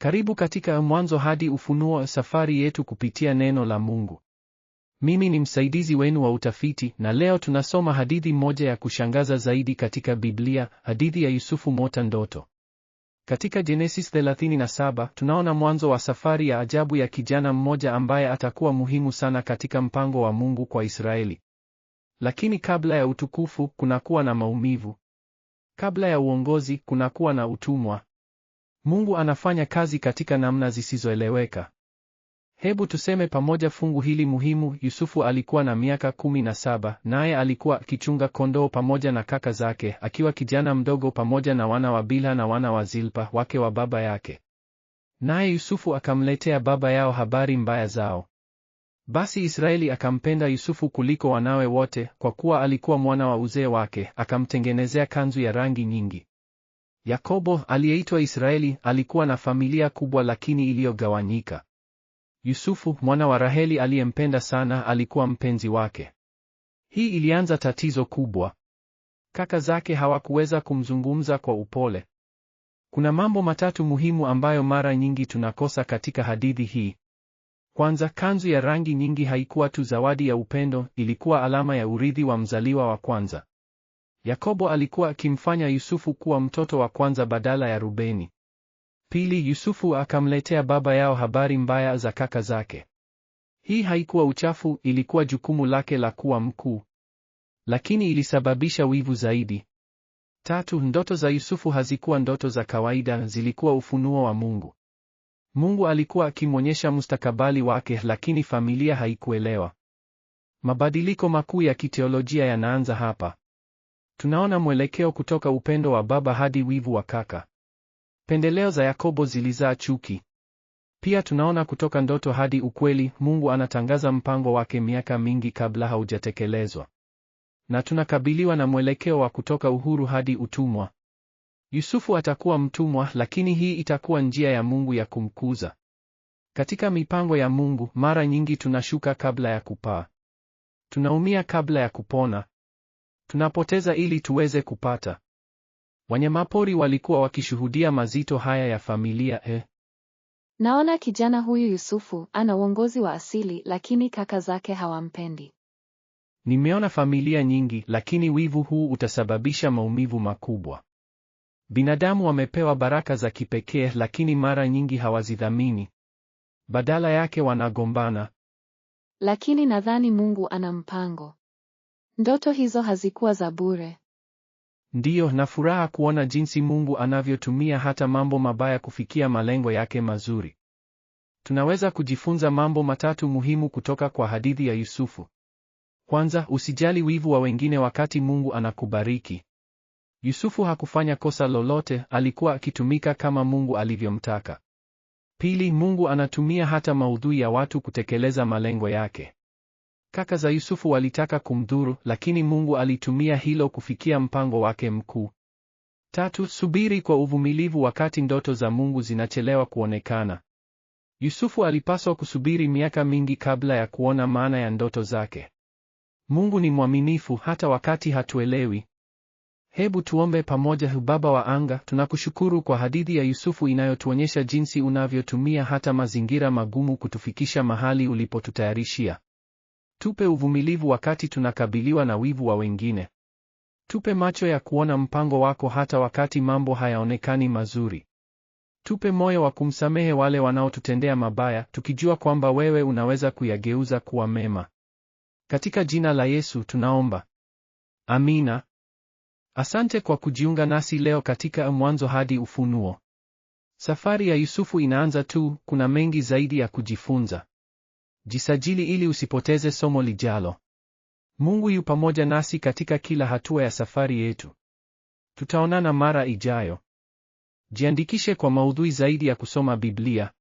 Karibu katika mwanzo hadi ufunuo safari yetu kupitia neno la Mungu. Mimi ni msaidizi wenu wa utafiti na leo tunasoma hadithi moja ya kushangaza zaidi katika Biblia, hadithi ya Yusufu Mota Ndoto. Katika Genesis 37 tunaona mwanzo wa safari ya ajabu ya kijana mmoja ambaye atakuwa muhimu sana katika mpango wa Mungu kwa Israeli. Lakini kabla ya utukufu kunakuwa na maumivu. Kabla ya uongozi kunakuwa na utumwa. Mungu anafanya kazi katika namna zisizoeleweka. Hebu tuseme pamoja fungu hili muhimu. Yusufu alikuwa na miaka kumi na saba, naye alikuwa akichunga kondoo pamoja na kaka zake, akiwa kijana mdogo pamoja na wana wa Bila na wana wa Zilpa, wake wa baba yake. Naye Yusufu akamletea baba yao habari mbaya zao. Basi Israeli akampenda Yusufu kuliko wanawe wote, kwa kuwa alikuwa mwana wa uzee wake, akamtengenezea kanzu ya rangi nyingi. Yakobo aliyeitwa Israeli alikuwa na familia kubwa lakini iliyogawanyika. Yusufu mwana wa Raheli aliyempenda sana alikuwa mpenzi wake. Hii ilianza tatizo kubwa. Kaka zake hawakuweza kumzungumza kwa upole. Kuna mambo matatu muhimu ambayo mara nyingi tunakosa katika hadithi hii. Kwanza, kanzu ya rangi nyingi haikuwa tu zawadi ya upendo, ilikuwa alama ya urithi wa mzaliwa wa kwanza. Yakobo alikuwa akimfanya Yusufu kuwa mtoto wa kwanza badala ya Rubeni. Pili, Yusufu akamletea baba yao habari mbaya za kaka zake. Hii haikuwa uchafu, ilikuwa jukumu lake la kuwa mkuu, lakini ilisababisha wivu zaidi. Tatu, ndoto za Yusufu hazikuwa ndoto za kawaida, zilikuwa ufunuo wa Mungu. Mungu alikuwa akimwonyesha mustakabali wake, lakini familia haikuelewa. Mabadiliko makuu ya kiteolojia yanaanza hapa. Tunaona mwelekeo kutoka upendo wa baba hadi wivu wa kaka. Pendeleo za Yakobo zilizaa chuki. Pia tunaona kutoka ndoto hadi ukweli, Mungu anatangaza mpango wake miaka mingi kabla haujatekelezwa. Na tunakabiliwa na mwelekeo wa kutoka uhuru hadi utumwa. Yusufu atakuwa mtumwa, lakini hii itakuwa njia ya Mungu ya kumkuza. Katika mipango ya Mungu, mara nyingi tunashuka kabla ya kupaa. Tunaumia kabla ya kupona. Tunapoteza ili tuweze kupata. Wanyamapori walikuwa wakishuhudia mazito haya ya familia eh. Naona kijana huyu Yusufu ana uongozi wa asili lakini kaka zake hawampendi. Nimeona familia nyingi lakini wivu huu utasababisha maumivu makubwa. Binadamu wamepewa baraka za kipekee lakini mara nyingi hawazidhamini. Badala yake wanagombana. Lakini nadhani Mungu ana mpango. Ndoto hizo hazikuwa za bure. Ndiyo, na furaha kuona jinsi Mungu anavyotumia hata mambo mabaya kufikia malengo yake mazuri. Tunaweza kujifunza mambo matatu muhimu kutoka kwa hadithi ya Yusufu. Kwanza, usijali wivu wa wengine wakati Mungu anakubariki. Yusufu hakufanya kosa lolote, alikuwa akitumika kama Mungu alivyomtaka. Pili, Mungu anatumia hata maudhui ya watu kutekeleza malengo yake. Kaka za Yusufu walitaka kumdhuru, lakini Mungu alitumia hilo kufikia mpango wake mkuu. Tatu, subiri kwa uvumilivu wakati ndoto za Mungu zinachelewa kuonekana. Yusufu alipaswa kusubiri miaka mingi kabla ya kuona maana ya ndoto zake. Mungu ni mwaminifu hata wakati hatuelewi. Hebu tuombe pamoja. Baba wa anga, tunakushukuru kwa hadithi ya Yusufu inayotuonyesha jinsi unavyotumia hata mazingira magumu kutufikisha mahali ulipotutayarishia. Tupe uvumilivu wakati tunakabiliwa na wivu wa wengine. Tupe macho ya kuona mpango wako hata wakati mambo hayaonekani mazuri. Tupe moyo wa kumsamehe wale wanaotutendea mabaya, tukijua kwamba wewe unaweza kuyageuza kuwa mema. Katika jina la Yesu tunaomba. Amina. Asante kwa kujiunga nasi leo katika Mwanzo hadi Ufunuo. Safari ya Yusufu inaanza tu, kuna mengi zaidi ya kujifunza. Jisajili ili usipoteze somo lijalo. Mungu yu pamoja nasi katika kila hatua ya safari yetu. Tutaonana mara ijayo. Jiandikishe kwa maudhui zaidi ya kusoma Biblia.